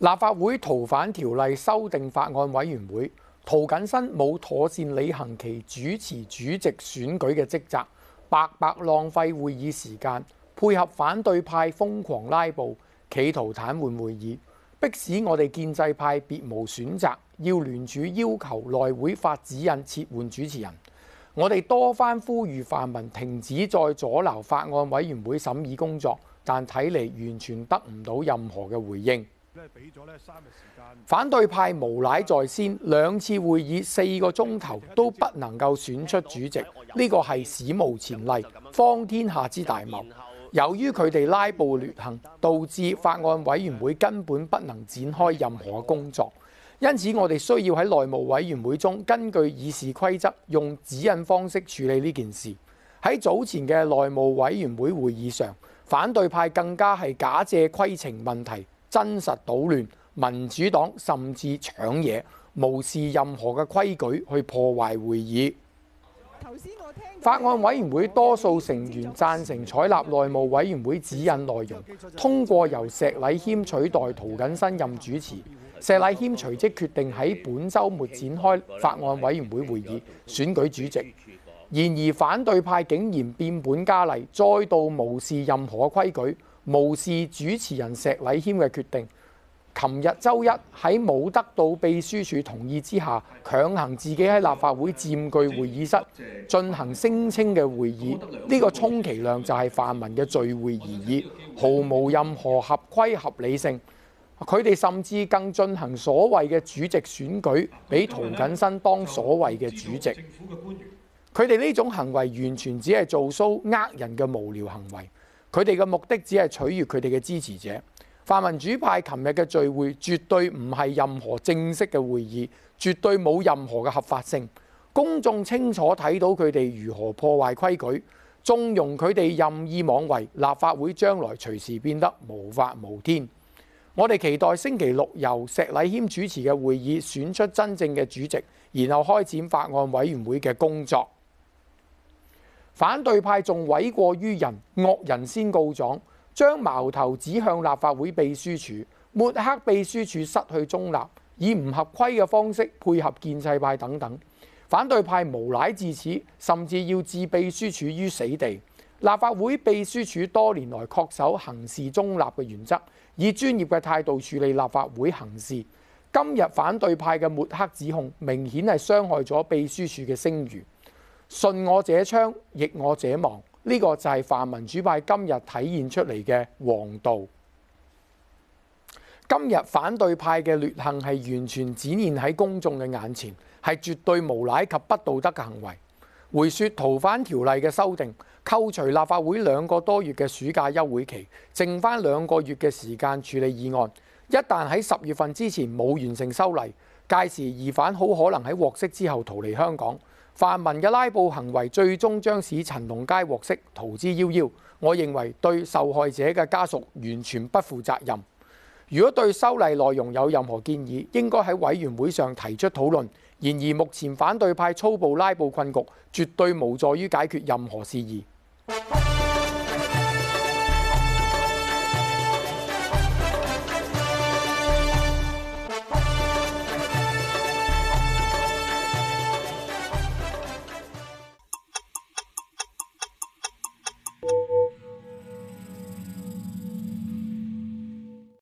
立法會逃犯條例修訂法案委員會，涂謹申冇妥善履行其主持主席選舉嘅職責，白白浪費會議時間，配合反對派瘋狂拉布，企圖癱瘓會議，迫使我哋建制派別無選擇，要聯署要求內會發指引撤換主持人。我哋多番呼籲泛民停止再阻撓法案委員會審議工作，但睇嚟，完全得唔到任何嘅回應。反對派無賴在先，兩次會議四個鐘頭都不能夠選出主席，呢個係史無前例，方天下之大謬。由於佢哋拉布劣行，導致法案委員會根本不能展開任何工作，因此我哋需要喺內務委員會中根據議事規則用指引方式處理呢件事。喺早前嘅內務委員會會議上，反對派更加係假借規程問題。真實搗亂，民主黨甚至搶嘢，無視任何嘅規矩去破壞會議。法案委員會多數成員贊成採納內務委員會指引內容，通過由石禮謙取代涂謹申任主持。石禮謙隨即決定喺本週末展開法案委員會會議選舉主席。然而，反對派竟然變本加厲，再度無視任何嘅規矩。無視主持人石禮謙嘅決定，琴日周一喺冇得到秘書處同意之下，強行自己喺立法會佔據會議室進行聲稱嘅會議。呢、這個充其量就係泛民嘅聚會而已，毫無任何合規合理性。佢哋甚至更進行所謂嘅主席選舉，俾涂謹申當所謂嘅主席。佢哋呢種行為完全只係做 show 呃人嘅無聊行為。佢哋嘅目的只係取悅佢哋嘅支持者。泛民主派琴日嘅聚會絕對唔係任何正式嘅會議，絕對冇任何嘅合法性。公眾清楚睇到佢哋如何破壞規矩，縱容佢哋任意妄為。立法會將來隨時變得無法無天。我哋期待星期六由石禮謙主持嘅會議選出真正嘅主席，然後開展法案委員會嘅工作。反對派仲諉過於人，惡人先告狀，將矛頭指向立法會秘書處，抹黑秘書處失去中立，以唔合規嘅方式配合建制派等等。反對派無賴至此，甚至要置秘書處於死地。立法會秘書處多年來恪守行事中立嘅原則，以專業嘅態度處理立法會行事。今日反對派嘅抹黑指控，明顯係傷害咗秘書處嘅聲譽。信我者昌，逆我者亡。呢個就係泛民主派今日體現出嚟嘅王道。今日反對派嘅劣行係完全展現喺公眾嘅眼前，係絕對無賴及不道德嘅行為。回説逃犯條例嘅修訂，扣除立法會兩個多月嘅暑假休會期，剩翻兩個月嘅時間處理議案。一旦喺十月份之前冇完成修例，屆時疑犯好可能喺獲釋之後逃離香港。泛民嘅拉布行為最終將使陳同佳獲釋逃之夭夭，我認為對受害者嘅家屬完全不負責任。如果對修例內容有任何建議，應該喺委員會上提出討論。然而目前反對派粗暴拉布困局，絕對無助於解決任何事宜。